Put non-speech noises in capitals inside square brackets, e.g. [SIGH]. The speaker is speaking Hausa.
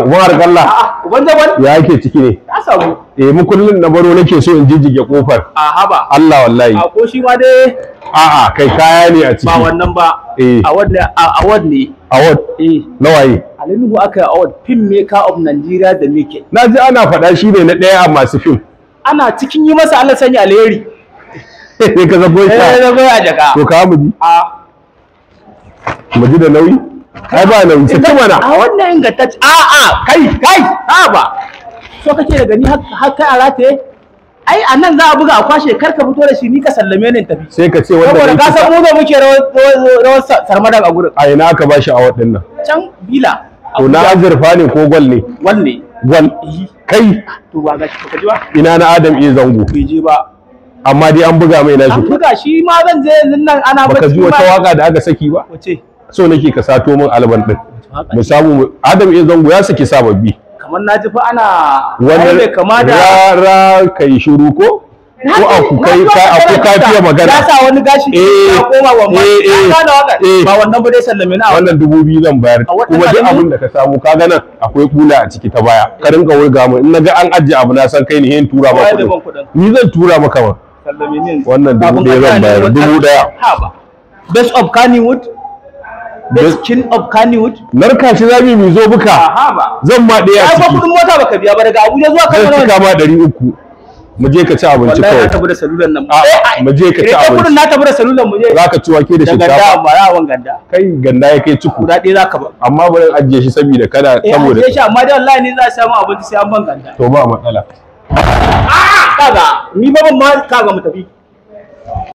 Umar Galla. Uban Jabal. Ya yake ciki ne. Ya samu. Eh mu kullun na baro nake so in jijjige kofar. A haba. Allah wallahi. A ko shi ma dai. A'a kai kaya ne a ciki. Ba wannan ba. Eh. Award ne award ne. Award. Eh. Nawaye. Alinuhu aka award film maker of Nigeria da Mike. Na ji ana faɗa shi ne na ɗaya a masu film. Ana cikin yi masa Allah sanya alheri. Ne [LAUGHS] ka zago ya. Eh zago ya jaka. To ka mu ji. A. Mu ji da nauyi. kai ba nan ce ta mana a wannan ingantacce a a kai kai ha ba so kake da gani har kai a rataye ai a nan za a buga a kwashe kar ka fito da shi ni ka sallame ni tafi sai ka ce wanda ka san mu da muke rawar sarmada a gurin a ina ka bashi a nan can bila to na azurfa ne ko gwal ne gwal ne gwal kai to ba ga shi ka ji ba ina na adam iya zango bai je ba amma dai an buga mai na shi an buga shi ma zan je yanzu nan ana baka ji wata waka da aka saki ba wace so nake ka sato min alban din mu samu Adam ya zango ya saki sababbi kamar na ji fa ana wani kama da rara kai shiru ko ko a ku kai ka a ku ka fiye magana ya sa wani gashi eh, ya koma wa mai eh, eh, ba wannan ba dai sallame na wannan dubu biyu zan bayar kuma duk abin da ka samu ka gana nan akwai kula a ciki ta baya ka rinka wurga mu in naga an ajje abu na san kai ne yin tura ba kuɗin ni zan tura maka ba wannan dubu ɗaya zan bayar dubu ɗaya best of kanywood the of Kannywood narka shi zabi mai zo buka zan ma ciki. ai ba kudin mota baka biya ba daga Abuja zuwa Kano zan kama ma uku. mu je ka ci abinci kawai wallahi tabu da salulan nan eh, mu je ka ci abinci kudin na da salulan mu je ka ci wake da shinkafa daga da mara wan ganda kai ganda ya kai ciku ɗaya za ka ba amma bari ajiye shi saboda kada eh, saboda eh shi amma dai wallahi ni za a samu abinci sai an ban ganda to ba matsala kaga ni ba ban ma kaga mu tafi